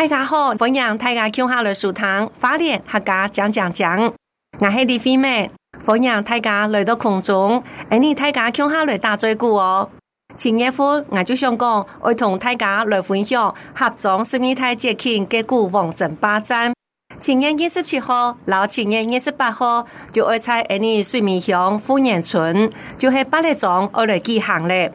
大家好，歡迎大家降落嚟收聽，花蓮客家講講講，我係李飛妹，歡迎大家來到空中，而你大家降落嚟搭在古哦。前一夫我就想講，我同大家來分享客莊十二大節慶嘅鼓王爭霸戰，七月二十七號到七月二十八號就係在二年水尾鄉富源村，就係八類種二類舉行咧。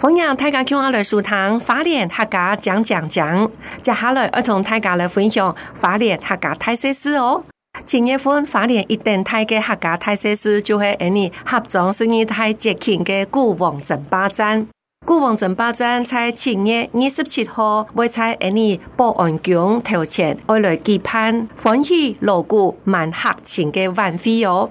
歡迎大家今天來收看，花蓮客家講講講。接下來，我同大家來分享花蓮客家特色事哦。七月份，花蓮一等大嘅客家特色事，就係安尼合眾生意太值錢嘅鼓王爭霸戰。鼓王爭霸戰在七月二十七號，會在安尼保安宮頭前愛來舉辦歡喜鑼鼓滿客情嘅晚會哦。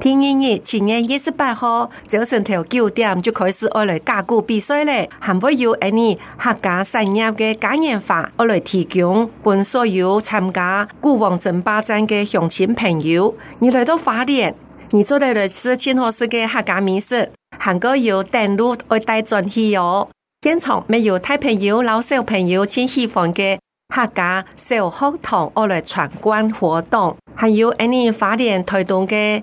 天二二七月一十八號早上頭九點就開始我來加固比賽咧，還會有喺呢客家實驗嘅嘉年華我來提供，本所有參加鼓王爭霸戰嘅鄉親朋友你來到花蓮，你做呢律師天河市嘅客家美食，還個有登錄我帶轉去我現場，先沒有太朋友老小朋友請喜歡嘅客家小學堂我來參觀活動，還有喺呢花蓮推動嘅。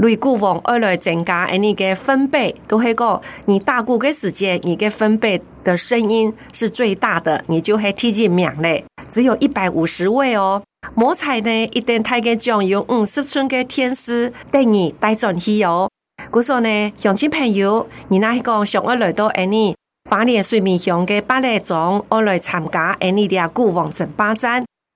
擂鼓王二來增加的你的，安尼分貝都係講，你打鼓嘅時間，你嘅分貝的聲音是最大的，你就係提前命嘞。只有一百五十位哦。某彩呢一定太嘅獎有五十寸嘅電視等你帶轉去哦。故說呢，鄉親朋友，你那一個想要來到安尼，花蓮水尾鄉的八類中，我來參加安尼嘅鼓王爭霸戰。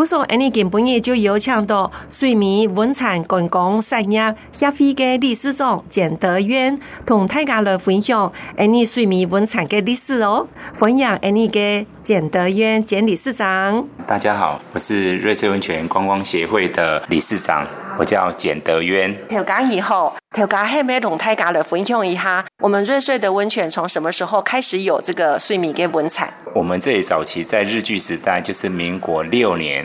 我說，安尼今本也就有講到水尾文產觀光事業協會嘅理事長簡德淵同泰加樂分享 any 水尾文產嘅歷史哦。分享 any 嘅簡德淵簡理事長。大家好，我是瑞穗溫泉觀光協會的理事長，我叫簡德淵。調解好以後，調解還咪同泰加樂分享一下，我們瑞穗的溫泉從什麼時候開始有這個水尾嘅文產？我們這裏早期在日據時代，就是民國六年。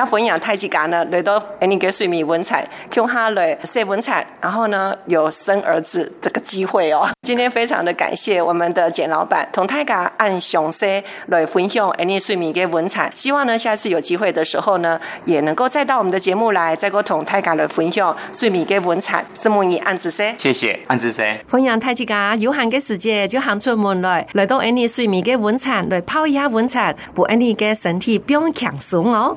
要分享太極噶呢，來到安尼個水尾溫泉，就哈來洗溫泉，然後呢有生兒子這個機會哦。今天非常的感謝我們的簡老闆，同太極按雄色來分享安尼水尾嘅溫泉。希望呢下次有機會的時候呢，也能夠再到我們的節目來，再給同太極來分享水尾嘅溫泉。是莫你按仔細，謝謝按仔細。分享太極噶有限的時間就喊出門來，來到安尼水尾的溫泉來泡一下溫泉，把安尼嘅身體變強爽哦。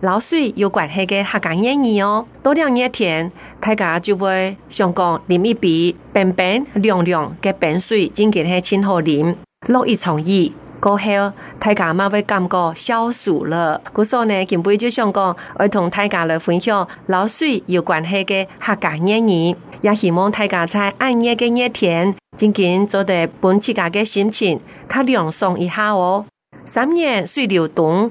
老水有關係嘅客家諺語哦，多晾一天，大家就會想講飲一杯冰冰涼涼嘅冰水，真嘅係清火淋落一場雨過後，大家嘛會感覺消暑了。故此呢，前輩就想講，會同大家來分享老水有關係嘅客家諺語，也希望大家在按日嘅一天，真嘅做到本自家嘅心情較涼爽一下哦。三年水流東。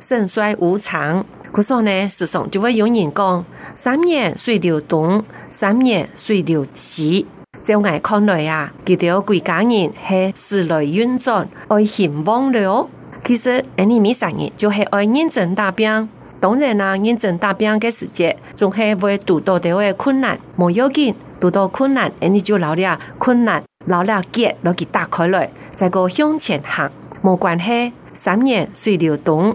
盛衰無常，古說呢，世上就會有人講：三年水流東，三年水流西。在我看來呀、啊，這條貴家人係時來運轉，愛心忘了。其實，一年咪三人，就是愛認真打拼。當然啦、啊，認真打拼嘅時節，總是會遇到啲位困難，冇要緊。遇到困難，哎你就老了，困難老了結，攞佢打開來，再個向前行，冇關係。三年水流東。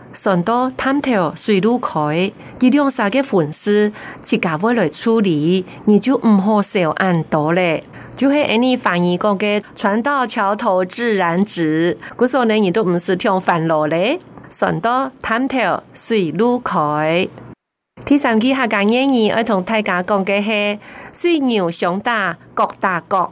順到探頭水路開，一兩三個粉絲自家我來處理，你就唔好小按倒咧。就是安尼翻譯講嘅，船到橋頭自然直。古時候呢，你都唔是聽煩惱咧。船到灘頭水路開，第三句客家諺語，要同大家講嘅係：水牛想大各大各。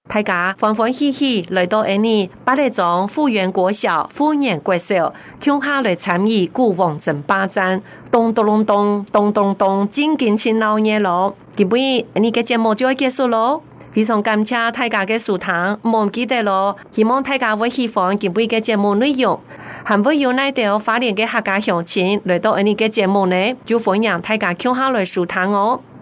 大家歡歡喜喜來到呢，八呢種富源國小富年、富源國小，鏘下嚟參與鼓王爭霸戰，咚咚咚咚咚咚，真勁似老爺佬。今日呢個節目就要結束咯，非常感謝大家嘅收聽，毋忘記得咯，希望大家會喜歡今日嘅節目內容，還會有呢條花蓮嘅客家鄉親來到呢個節目呢，就歡迎大家鏘下嚟收聽哦。